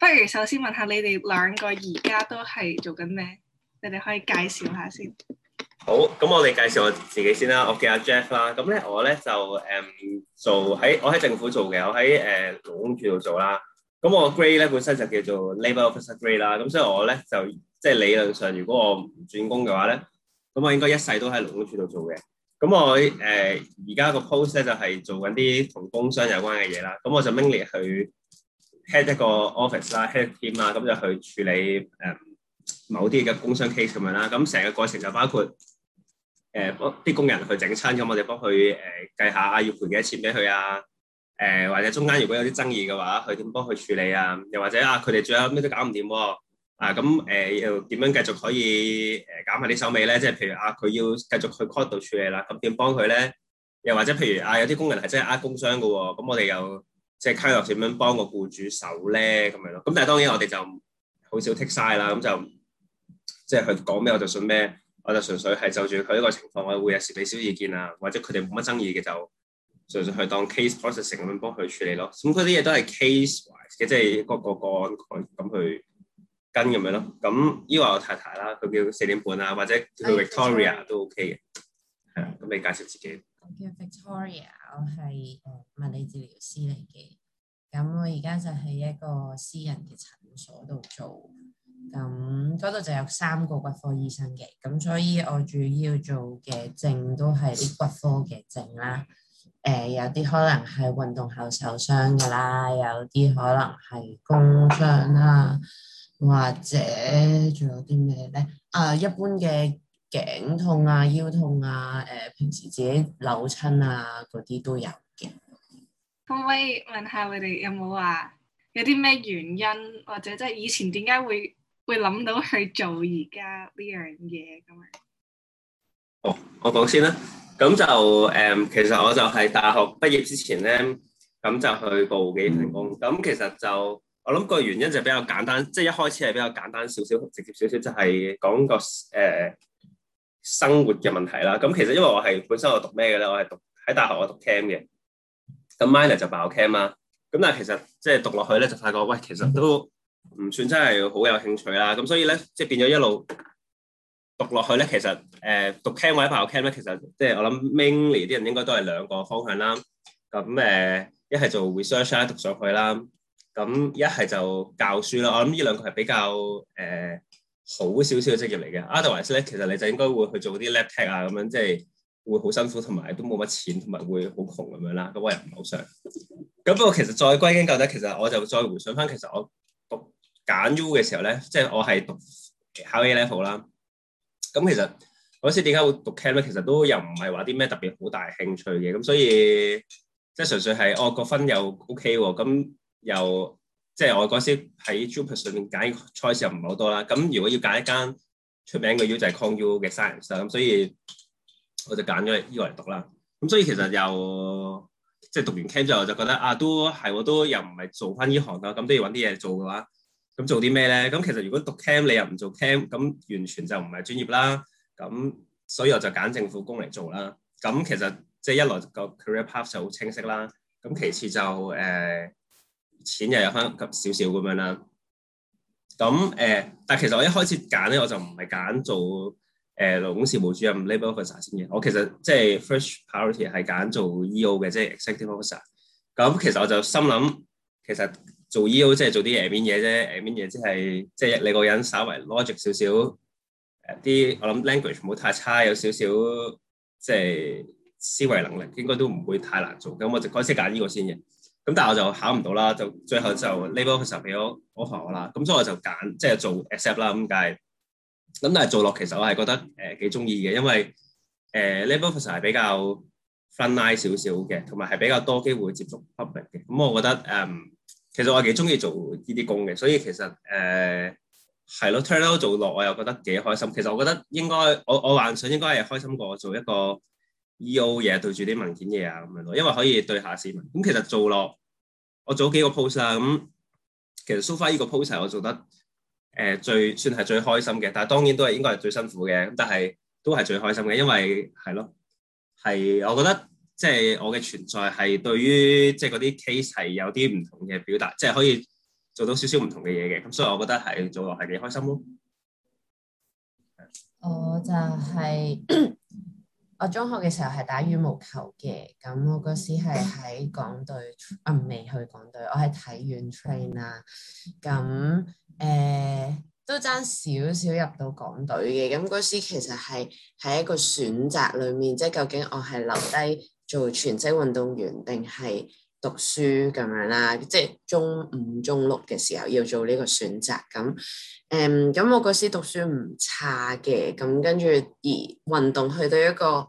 不如首先問下你哋兩個而家都係做緊咩？你哋可以介紹下先。好，咁我哋介紹我自己先啦。我叫阿 Jeff 啦。咁咧、嗯，我咧就誒做喺我喺政府做嘅，我喺誒勞工處度做啦。咁我 grade 咧本身就叫做 Labour Officer grade 啦。咁所以我咧就即係理論上，如果我唔轉工嘅話咧，咁我應該一世都喺勞工處度做嘅。咁我誒而家個 post 咧就係、是、做緊啲同工商有關嘅嘢啦。咁我就拎嚟去 head 一個 office 啦，head team 啦，咁就去處理誒某啲嘅工傷 case 咁樣啦。咁成個過程就包括誒幫啲工人去整親，咁我哋幫佢誒計下啊，要賠幾多錢俾佢啊？誒或者中間如果有啲爭議嘅話，佢點幫佢處理啊？又或者啊，佢哋最後咩都搞唔掂喎啊！咁誒要點樣繼續可以誒減下啲手尾咧？即係譬如啊，佢要繼續去 court 度處理啦，咁點幫佢咧？又或者譬如啊，有啲工人係真係呃工傷嘅喎，咁我哋又～即係 Kyle 點樣幫個僱主手咧咁樣咯，咁但係當然我哋就好少剔晒啦，咁就即係佢講咩我就信咩，我就純粹係就住佢一個情況，我會有時俾少少意見啊，或者佢哋冇乜爭議嘅就純粹去當 case process 咁樣幫佢處理咯。咁嗰啲嘢都係 case wise 嘅，即係個個個案咁去跟咁樣咯。咁依個我太太啦，佢叫四點半啊，或者去 Victoria 都 OK 嘅，係啊、哎。咁、嗯嗯、你介紹自己。我叫 Victoria，我係物理治療師嚟嘅，咁我而家就喺一個私人嘅診所度做，咁嗰度就有三個骨科醫生嘅，咁所以我主要做嘅症都係啲骨科嘅症啦，誒、呃、有啲可能係運動後受傷噶啦，有啲可能係工傷啦，或者仲有啲咩咧？啊，一般嘅。頸痛啊、腰痛啊、誒，平時自己扭親啊，嗰啲都有嘅。可唔可以問下佢哋有冇話有啲咩原因，或者即係以前點解會會諗到去做而家呢樣嘢咁啊？哦，我講先啦，咁就誒、嗯，其實我就係大學畢業之前咧，咁就去報幾份工。咁、嗯、其實就我諗個原因就比較簡單，即、就、係、是、一開始係比較簡單少少、直接少少，就係、是、講個誒。呃生活嘅問題啦，咁其實因為我係本身我讀咩嘅咧，我係讀喺大學我讀 cam 嘅，咁 minor 就爆 cam 啦，咁但係其實即係、就是、讀落去咧就發覺喂，其實都唔算真係好有興趣啦，咁所以咧即係變咗一路讀落去咧，其實誒、呃、讀 cam 或者爆 cam 咧，其實即係我諗 mainly 啲人應該都係兩個方向啦，咁誒、呃、一係做 research 啦，讀上去啦，咁一係就教書啦，我諗呢兩個係比較誒。呃好少少嘅職業嚟嘅 otherwise 咧，其實你就應該會去做啲 laptop 啊，咁樣即係會好辛苦，同埋都冇乜錢，同埋會好窮咁樣啦，咁我又唔係好想。咁不過其實再歸根究底，其實我就再回想翻，其實我讀揀 U 嘅時候咧，即係我係讀考 A level 啦。咁其實嗰時點解會讀 camp 咧？其實都又唔係話啲咩特別好大興趣嘅，咁所以即係純粹係哦個分又 OK 喎、哦，咁又。即係我嗰時喺 Juppers 上面揀 choice 又唔係好多啦，咁如果要揀一間出名嘅 U 就係 ConU 嘅 science 啦，咁所以我就揀咗呢個嚟讀啦。咁所以其實又即係讀完 Cam 之後我就覺得啊，都係我都又唔係做翻依行啦，咁都要揾啲嘢做嘅話，咁做啲咩咧？咁其實如果讀 Cam 你又唔做 Cam，咁完全就唔係專業啦。咁所以我就揀政府工嚟做啦。咁其實即係一來個 career path 就好清晰啦。咁其次就誒，欸錢又有翻少少咁樣啦。咁誒，但係其實我一開始揀咧，我就唔係揀做誒勞工事務主任 Labour Officer 先嘅。我其實即係 first priority 係揀做 EO 嘅，即係 executive officer。咁其實我就心諗，其實做 EO 做、就是、即係做啲 admin 嘢啫。admin 嘢即係即係你個人稍為 logic 少少，誒、呃、啲我諗 language 唔好太差，有少少即係思維能力，應該都唔會太難做。咁我就開始揀呢個先嘅。咁但係我就考唔到啦，就最後就 Labour Officer 俾咗、er、我學啦。咁我我所以我就揀即係做 accept 啦。咁但係咁但係做落其實我係覺得誒幾中意嘅，因為誒、呃、Labour Officer 係、er、比較 frontline 少少嘅，同埋係比較多機會接觸 public 嘅。咁、嗯、我覺得誒、嗯、其實我幾中意做呢啲工嘅。所以其實誒係咯 turn out 做落我又覺得幾開心。其實我覺得應該我我幻想應該係開心過做一個 E.O. 日日對住啲文件嘢啊咁樣咯，因為可以對下市民。咁、嗯、其實做落，我做幾個 post 啦、嗯。咁其實 so far 呢個 post 我做得誒、呃、最算係最開心嘅，但係當然都係應該係最辛苦嘅，但係都係最開心嘅，因為係咯，係我覺得即係、就是、我嘅存在係對於即係嗰啲 case 係有啲唔同嘅表達，即、就、係、是、可以做到少少唔同嘅嘢嘅。咁所以我覺得係做落係幾開心咯。我就係、是。 我中學嘅時候係打羽毛球嘅，咁我嗰時係喺港隊，唔、啊、未去港隊，我係體院 train 啊，咁、呃、誒都爭少少入到港隊嘅，咁嗰時其實係喺一個選擇裡面，即係究竟我係留低做全職運動員定係讀書咁樣啦，即係中五、中六嘅時候要做呢個選擇。咁誒，咁、嗯、我嗰時讀書唔差嘅，咁跟住而運動去到一個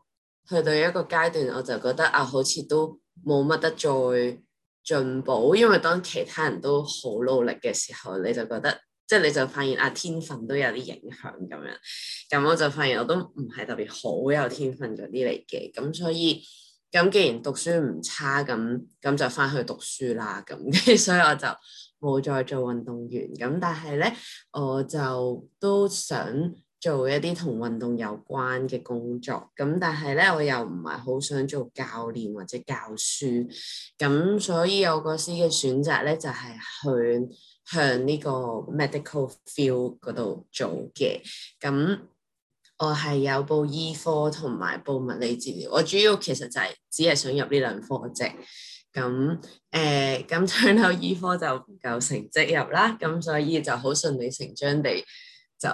去到一個階段，我就覺得啊，好似都冇乜得再進步，因為當其他人都好努力嘅時候，你就覺得即係你就發現啊，天分都有啲影響咁樣。咁我就發現我都唔係特別好有天分嗰啲嚟嘅，咁所以。咁既然讀書唔差，咁咁就翻去讀書啦。咁，所以我就冇再做運動員。咁，但係咧，我就都想做一啲同運動有關嘅工作。咁，但係咧，我又唔係好想做教練或者教書。咁，所以我個時嘅選擇咧，就係、是、去向呢個 medical field 嗰度做嘅。咁。我係有報醫科同埋報物理治療，我主要其實就係只係想入呢兩科嘅啫。咁誒，咁、呃、最後醫科就唔夠成績入啦，咁所以就好順理成章地就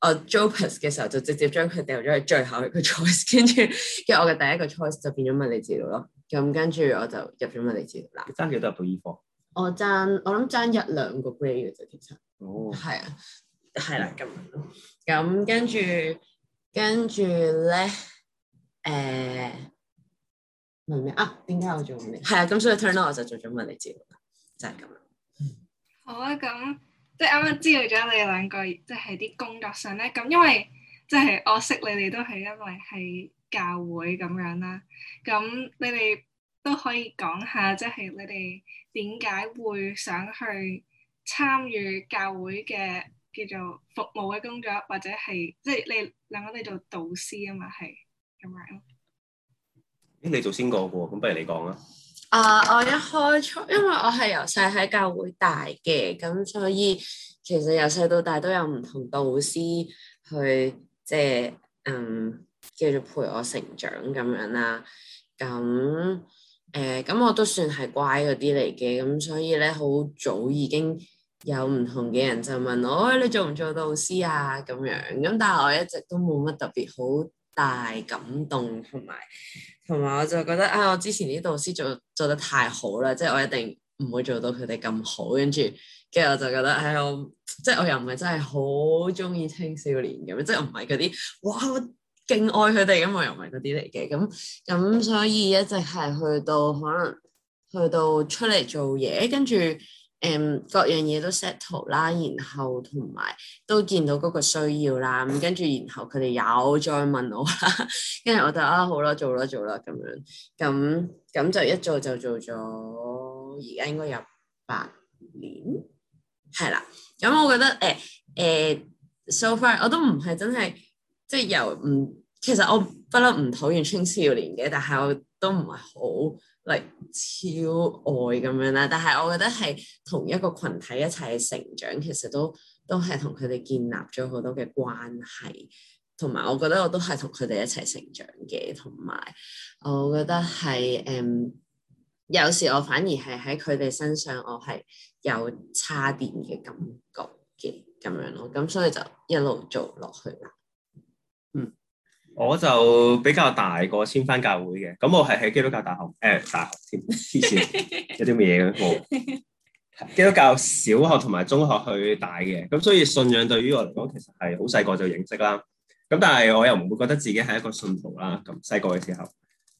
我 dropus 嘅時候就直接將佢掉咗去最後一個 choice，跟住跟住我嘅第一個 choice 就變咗物理治療咯。咁跟住我就入咗物理治療啦。嗱，爭幾多入到醫科？我爭，我諗爭一兩個 grade 嘅啫，其實。哦。係啊。係啦，咁咁跟住跟住咧，誒唔係咩啊？點解我做咩係啊？咁所以 turn on 我就做咗物理治療啦，就係咁啦。好啊，咁即係啱啱知道咗你哋兩個，即係啲工作上咧。咁因為即係我識你哋都係因為喺教會咁樣啦。咁你哋都可以講下，即係你哋點解會想去參與教會嘅？叫做服務嘅工作，或者係即係你兩個你做導師啊嘛，係咁樣。誒、欸，你做先講嘅，咁不如你講啦。啊，我一開初，因為我係由細喺教會大嘅，咁所以其實由細到大都有唔同導師去，即係嗯繼續陪我成長咁樣啦。咁誒，咁、呃、我都算係乖嗰啲嚟嘅，咁所以咧好早已經。有唔同嘅人就問我，哎、你做唔做導師啊？咁樣咁，但係我一直都冇乜特別好大感動，同埋同埋我就覺得啊，我之前啲導師做做得太好啦，即係我一定唔會做到佢哋咁好，跟住，跟住我就覺得喺、哎、我即係我又唔係真係好中意青少年咁，即係我唔係嗰啲哇，我勁愛佢哋咁，我又唔係嗰啲嚟嘅咁咁，所以一直係去到可能去到出嚟做嘢，跟住。誒、um, 各樣嘢都 settle 啦，然後同埋都見到嗰個需要啦，咁跟住然後佢哋又再問我啦，跟住我就啊，好啦，做啦做啦咁樣，咁咁就一做就做咗，而家應該有八年，係啦，咁、嗯、我覺得誒誒、呃呃、so far 我都唔係真係即係由唔其實我不嬲唔討厭青少年嘅，但係我都唔係好。Like, 超愛咁樣啦，但係我覺得係同一個群體一齊成長，其實都都係同佢哋建立咗好多嘅關係，同埋我覺得我都係同佢哋一齊成長嘅，同埋我覺得係誒、um, 有時我反而係喺佢哋身上，我係有差電嘅感覺嘅咁樣咯，咁所以就一路做落去啦。我就比較大個先返教會嘅，咁我係喺基督教大學，誒、欸、大學添，黐線，有啲咩嘢基督教小學同埋中學去大嘅，咁所以信仰對於我嚟講，其實係好細個就認識啦。咁但係我又唔會覺得自己係一個信徒啦。咁細個嘅時候，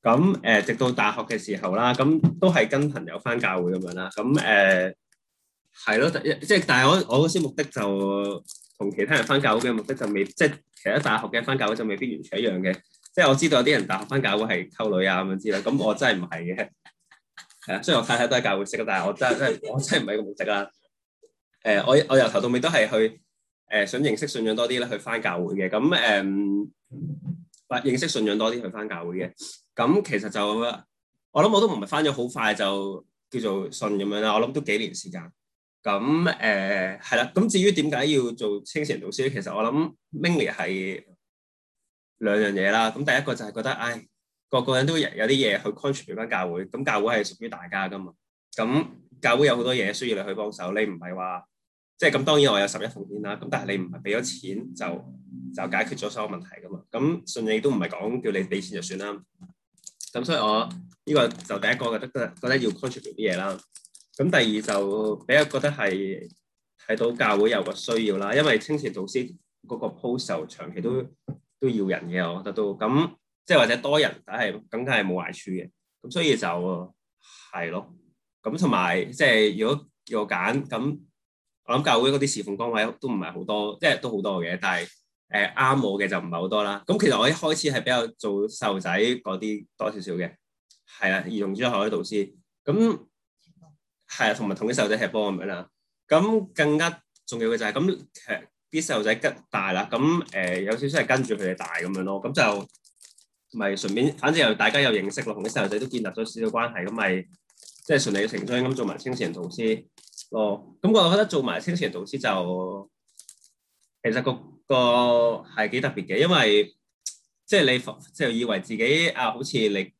咁誒直到大學嘅時候啦，咁都係跟朋友返教會咁樣啦。咁誒係咯，即、欸、係但係我我嗰時目的就～同其他人翻教會嘅目的就未，即係其他大學嘅翻教會就未必完全一樣嘅。即係我知道有啲人大學翻教會係溝女啊咁樣之類，咁我真係唔係嘅。係啊，雖然我太太都係教會識，但係我真係真係我真係唔係咁目的啦。誒、呃，我我由頭到尾都係去誒、呃、想認識信仰多啲啦，去翻教會嘅。咁誒、嗯，認識信仰多啲去翻教會嘅。咁其實就咁樣。我諗我都唔係翻咗好快就叫做信咁樣啦。我諗都幾年時間。咁誒係啦。咁、呃、至於點解要做青少年導師咧？其實我諗 mainly 係兩樣嘢啦。咁第一個就係覺得，唉，個個人都有啲嘢去 contribute 翻教會。咁教會係屬於大家噶嘛。咁教會有好多嘢需要你去幫手。你唔係話即係咁，當然我有十一奉獻啦。咁但係你唔係俾咗錢就就解決咗所有問題噶嘛。咁順利都唔係講叫你俾錢就算啦。咁所以我呢個就第一個覺得覺得要 contribute 啲嘢啦。咁第二就比較覺得係睇到教會有個需要啦，因為青年導師嗰個 post 長期都都要人嘅，我覺得都咁即係或者多人，但係更加係冇壞處嘅。咁所以就係咯。咁同埋即係如果要我揀咁，我諗教會嗰啲侍奉崗位都唔係好多，即係都好多嘅，但係誒啱我嘅就唔係好多啦。咁其實我一開始係比較做細路仔嗰啲多少少嘅，係啊，兒童主日學嘅導師咁。係啊，同埋同啲細路仔踢波咁樣啦。咁更加重要嘅就係、是、咁，啲細路仔吉大啦。咁誒、呃、有少少係跟住佢哋大咁樣咯。咁就咪、就是、順便，反正又大家又認識咯，同啲細路仔都建立咗少少關係。咁咪即係順理嘅情操順理成章咁做埋青少年導師咯。咁我覺得做埋青少年導師就其實、那個、那個係幾特別嘅，因為即係、就是、你即係、就是、以為自己啊，好似你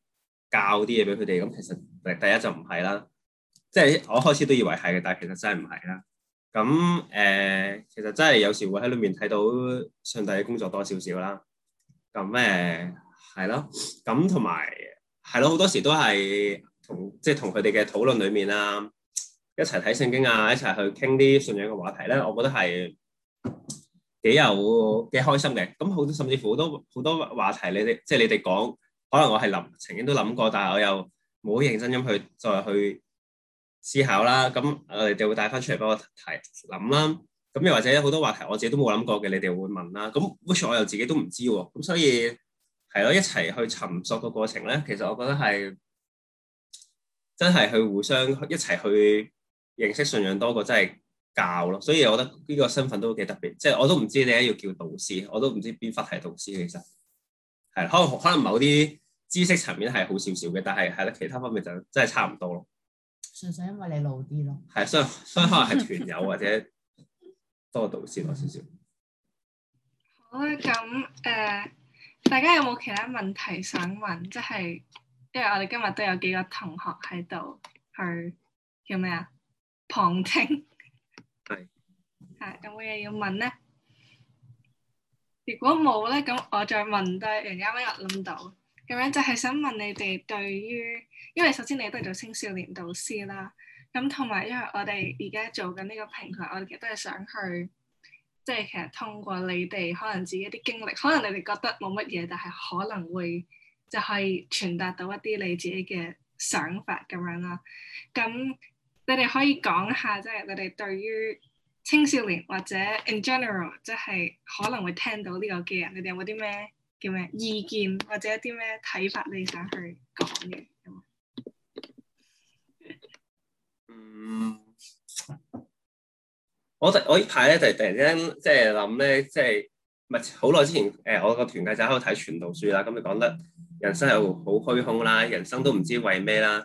教啲嘢俾佢哋咁，其實第一就唔係啦。即係我開始都以為係嘅，但係其實真係唔係啦。咁誒、呃，其實真係有時會喺裏面睇到上帝嘅工作多少少啦。咁誒係咯，咁同埋係咯，好多時都係同即係、就是、同佢哋嘅討論裏面啊，一齊睇聖經啊，一齊去傾啲信仰嘅話題咧，我覺得係幾有幾開心嘅。咁好，甚至乎好多好多話題，你哋即係你哋講，可能我係諗曾經都諗過，但係我又冇認真咁去再去。思考啦，咁我哋就會帶翻出嚟俾我提諗啦。咁又或者好多話題，我自己都冇諗過嘅，你哋會問啦。咁 which 我又自己都唔知喎。咁所以係咯，一齊去尋索個過程咧，其實我覺得係真係去互相一齊去認識信仰多過真係教咯。所以我覺得呢個身份都幾特別，即係我都唔知點解要叫導師，我都唔知邊忽係導師，其實係可能可能某啲知識層面係好少少嘅，但係係咯，其他方面就真係差唔多咯。純粹因為你老啲咯，係，所以所以可能係團友或者多導師多少少。 好啊，咁誒、呃，大家有冇其他問題想問？即係因為我哋今日都有幾個同學喺度去叫咩啊旁聽。係是、 嗯。有冇嘢要問咧？如果冇咧，咁我再問多，人家乜人諗到？咁樣就係想問你哋對於，因為首先你都係做青少年導師啦，咁同埋因為我哋而家做緊呢個平台，我哋都係想去，即係其實通過你哋可能自己啲經歷，可能你哋覺得冇乜嘢，但係可能會就係傳達到一啲你自己嘅想法咁樣啦。咁你哋可以講下，即係你哋對於青少年或者 in general，即係可能會聽到呢個嘅人，你哋有冇啲咩？有咩意見或者一啲咩睇法，你想去講嘅？嗯，我我呢排咧就突然之間即係諗咧，即係唔係好耐之前？誒，我個團契就喺度睇《傳道書》啦。咁講得人生又好虛空啦，人生都唔知為咩啦。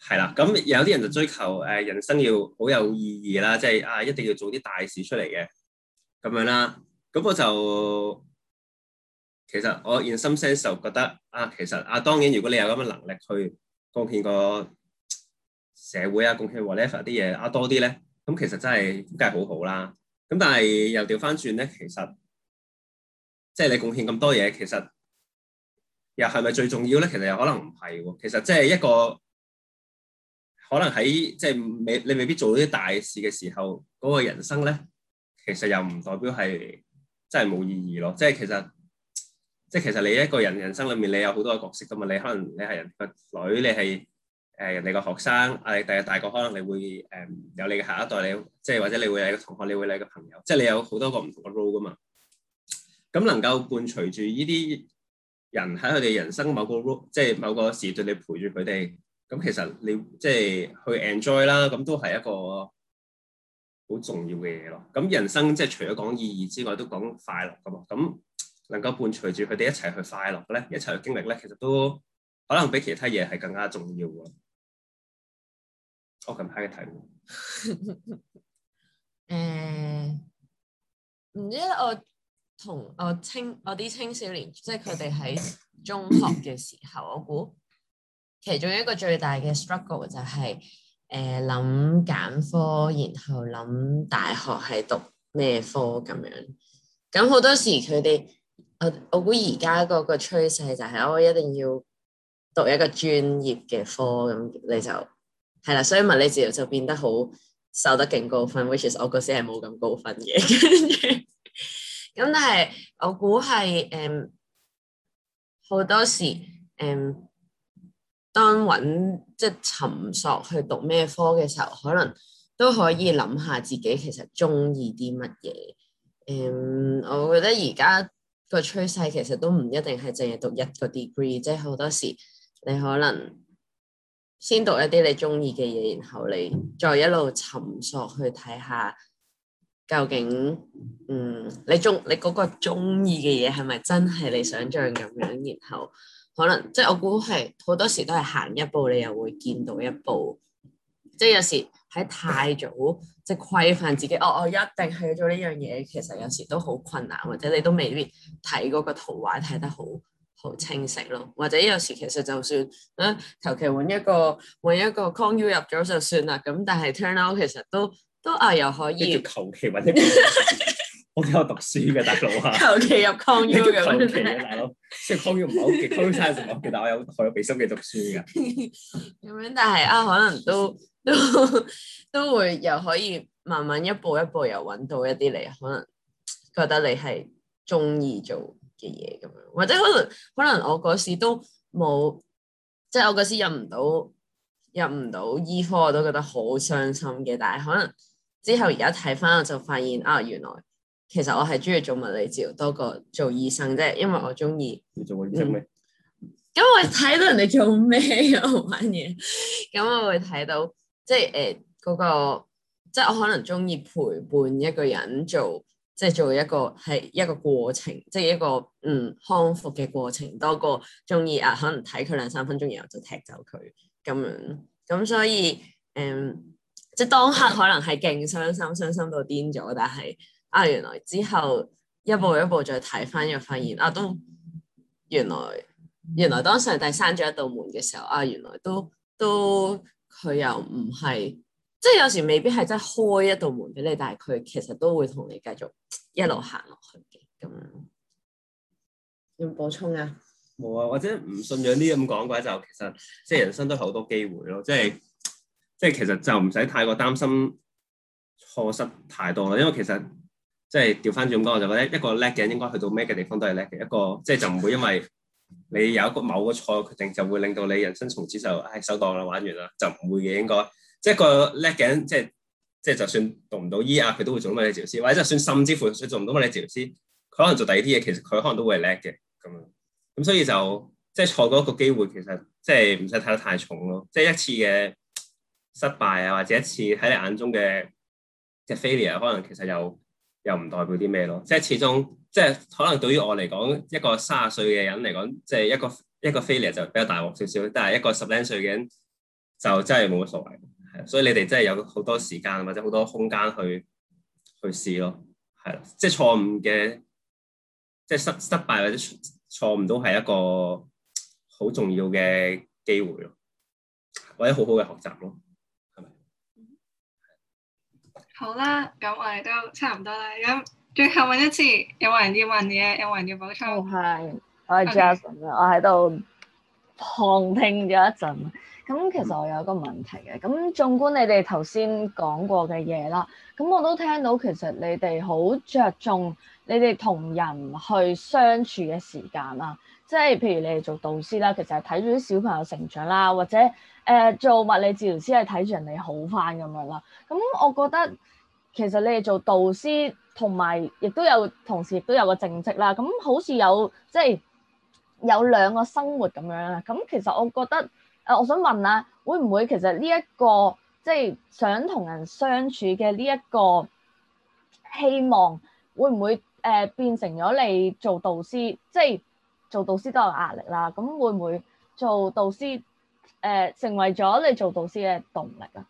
係啦，咁有啲人就追求誒人生要好有意義啦，即係啊一定要做啲大事出嚟嘅咁樣啦。咁我就～其實我 in some sense 就覺得啊，其實啊，當然如果你有咁嘅能力去貢獻個社會啊，貢獻 whatever 啲嘢啊多啲咧，咁、嗯、其實真係梗係好好啦。咁但係又調翻轉咧，其實即係、就是、你貢獻咁多嘢，其實又係咪最重要咧？其實又可能唔係。其實即係一個可能喺即係你你未必做啲大事嘅時候，嗰、那個人生咧，其實又唔代表係真係冇意義咯。即係其實。即係其實你一個人人生裏面，你有好多個角色噶嘛。你可能你係人哋個女，你係誒、呃、人哋個學生。啊，第日大個可能你會誒、呃、有你嘅下一代。你即係或者你會有個同學，你會有個朋友。即係你有好多個唔同嘅 role 噶嘛。咁能夠伴隨住呢啲人喺佢哋人生某個 role，即係某個時段，你陪住佢哋。咁其實你即係去 enjoy 啦。咁都係一個好重要嘅嘢咯。咁人生即係除咗講意義之外，都講快樂噶嘛。咁能夠伴隨住佢哋一齊去快樂咧，一齊去經歷咧，其實都可能比其他嘢係更加重要喎、 呃。我近排嘅體會，誒唔知我同我青我啲青少年，即係佢哋喺中學嘅時候， 我估其中一個最大嘅 struggle 就係誒諗揀科，然後諗大學係讀咩科咁樣。咁好多時佢哋。我估而家嗰個趨勢就係我一定要讀一個專業嘅科，咁你就係啦。所以物理治療就變得好受，得勁高分，which is 我嗰時係冇咁高分嘅。咁 但係我估係誒好多時誒、嗯，當揾即係尋索去讀咩科嘅時候，可能都可以諗下自己其實中意啲乜嘢。誒、嗯，我覺得而家。個趨勢其實都唔一定係淨係讀一個 degree，即係好多時你可能先讀一啲你中意嘅嘢，然後你再一路尋索去睇下究竟，嗯，你中你嗰個中意嘅嘢係咪真係你想象咁樣？然後可能即係我估係好多時都係行一步，你又會見到一步，即係有時。喺太早即係、就是、規範自己，哦我、哦、一定去要做呢樣嘢。其實有時都好困難，或者你都未必睇嗰個圖畫睇得好好清晰咯。或者有時其實就算啊，求其揾一個揾一個 con u 入咗就算啦。咁但係 turn out 其實都都啊又可以。跟住求其揾一個 我都有讀書嘅大佬 啊！求其入 CU 嘅大佬，即係 CU 唔係好極，CU 差唔多極，但係我有我有俾心機讀書嘅，咁 樣。但係啊，可能都都都，都會又可以慢慢一步一步又揾到一啲你可能覺得你係中意做嘅嘢咁樣，或者可能可能我嗰時都冇，即係我嗰時入唔到入唔到醫科，我都覺得好傷心嘅。但係可能之後而家睇翻我就發現啊、哦，原來～其實我係中意做物理治療多過做醫生啫，因為我中意。你做醫生咩？咁、嗯嗯嗯、我睇到人哋做咩我玩嘢，咁、 嗯、我會睇到即係誒嗰個，即係我可能中意陪伴一個人做，即係做一個係一個過程，即係一個嗯康復嘅過程多過，多過中意啊可能睇佢兩三分鐘然後就踢走佢咁樣。咁、嗯嗯嗯、所以誒、嗯，即係當刻可能係勁傷心，傷心到癲咗，但係。啊！原來之後一步一步再睇翻，又發現啊，都原來原來當上帝關咗一道門嘅時候，啊，原來都都佢又唔係，即係有時未必係真係開一道門俾你，但係佢其實都會同你繼續一路行落去嘅。咁有冇補充啊？冇啊，或者唔信仰啲咁講嘅話，就其實即係人生都好多機會咯，即係即係其實就唔使太過擔心錯失太多啦，因為其實。即係調翻轉講，我就覺得一個叻嘅人應該去到咩嘅地方都係叻嘅一個，即係就唔會因為你有一個某個錯嘅決定，就會令到你人生從此就唉收檔啦，玩完啦，就唔會嘅應該。即係個叻嘅人，即係即係就算讀唔到醫啊，佢都會做物理治療師，或者就算甚至乎佢做唔到物理治療師，佢可能做第二啲嘢，其實佢可能都會係叻嘅咁樣。咁所以就即係錯過一個機會，其實即係唔使睇得太重咯。即係一次嘅失敗啊，或者一次喺你眼中嘅即係 failure，可能其實又～又唔代表啲咩咯？即係始終，即係可能對於我嚟講，一個三十歲嘅人嚟講，即係一個一個 failure 就比較大鑊少少。但係一個十零歲嘅人就真係冇乜所謂。係，所以你哋真係有好多時間或者好多空間去去試咯。係啦，即係錯誤嘅，即係失失敗或者錯誤都係一個好重要嘅機會咯，或者好好嘅學習咯。好啦，咁我哋都差唔多啦。咁最後問一次，有冇人要問嘢，有冇人要補充？係，oh, Okay. 我係 Jason，我喺度旁聽咗一陣。咁其實我有一個問題嘅。咁縱觀你哋頭先講過嘅嘢啦，咁我都聽到其實你哋好着重你哋同人去相處嘅時間啦。即係譬如你哋做導師啦，其實係睇住啲小朋友成長啦，或者誒、呃、做物理治療師係睇住人哋好返咁樣啦。咁我覺得其實你哋做導師同埋亦都有同時亦都有個正職啦。咁好似有即係有兩個生活咁樣啦。咁其實我覺得誒、呃，我想問啊，會唔會其實呢、這、一個即係想同人相處嘅呢一個希望，會唔會誒、呃、變成咗你做導師即係？做導師都有壓力啦，咁會唔會做導師誒成為咗你做導師嘅動力啊？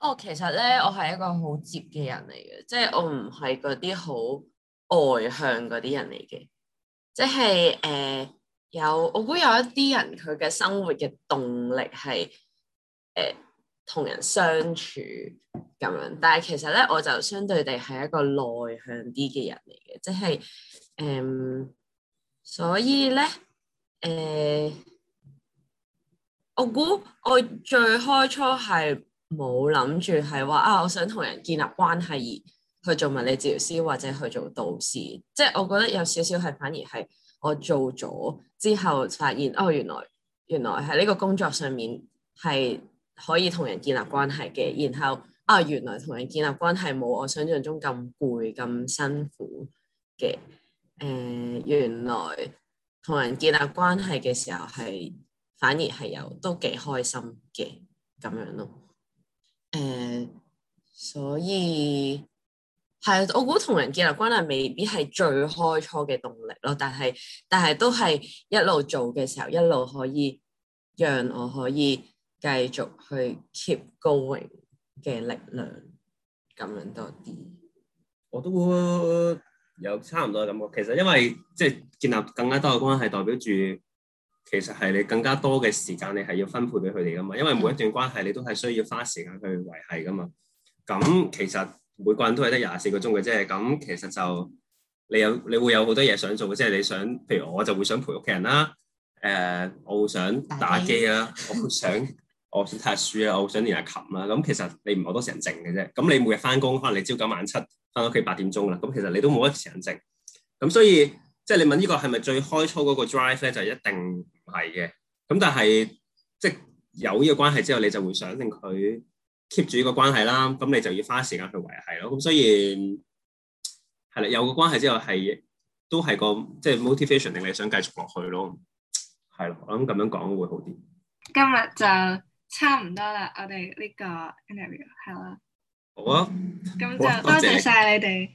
哦，其實咧，我係一個好接嘅人嚟嘅，即係我唔係嗰啲好外向嗰啲人嚟嘅，即係誒，有我估有一啲人佢嘅生活嘅動力係誒。呃同人相處咁樣，但係其實咧，我就相對地係一個內向啲嘅人嚟嘅，即係誒、嗯，所以咧誒、嗯，我估我最開初係冇諗住係話啊，我想同人建立關係而去做物理治療師或者去做導師，即係我覺得有少少係反而係我做咗之後發現哦，原來原來喺呢個工作上面係。可以同人建立關係嘅，然後啊，原來同人建立關係冇我想象中咁攰咁辛苦嘅。誒、呃，原來同人建立關係嘅時候係反而係有都幾開心嘅咁樣咯。誒、呃，所以係我估同人建立關係未必係最開初嘅動力咯，但係但係都係一路做嘅時候，一路可以讓我可以。繼續去 keep going 嘅力量，咁樣多啲。我都會有差唔多咁嘅。其實因為即係、就是、建立更加多嘅關係，代表住其實係你更加多嘅時間，你係要分配俾佢哋噶嘛。因為每一段關係你都係需要花時間去維係噶嘛。咁其實每個人都係得廿四個鐘嘅啫。咁其實就你有你會有好多嘢想做，即、就、係、是、你想，譬如我就會想陪屋企人啦、啊。誒、呃，我會想打機啦、啊，我會想。 我想睇下書啊，我好想練下、啊、琴啦、啊。咁其實你唔係好多時間靜嘅啫。咁你每日翻工，可能你朝九晚七，翻屋企八點鐘啦。咁其實你都冇乜時間靜。咁所以即係、就是、你問呢、這個係咪最開初嗰個 drive 咧，就一定唔係嘅。咁但係即係有呢個關係之後，你就會想令佢 keep 住呢個關係啦。咁你就要花時間去維係咯。咁所以係啦，有個關係之後係都係個即係、就是、motivation 令你想繼續落去咯。係咯，我諗咁樣講會好啲。今日就～差唔多啦，我哋呢個 interview 係啦。好啊。咁就多謝晒你哋。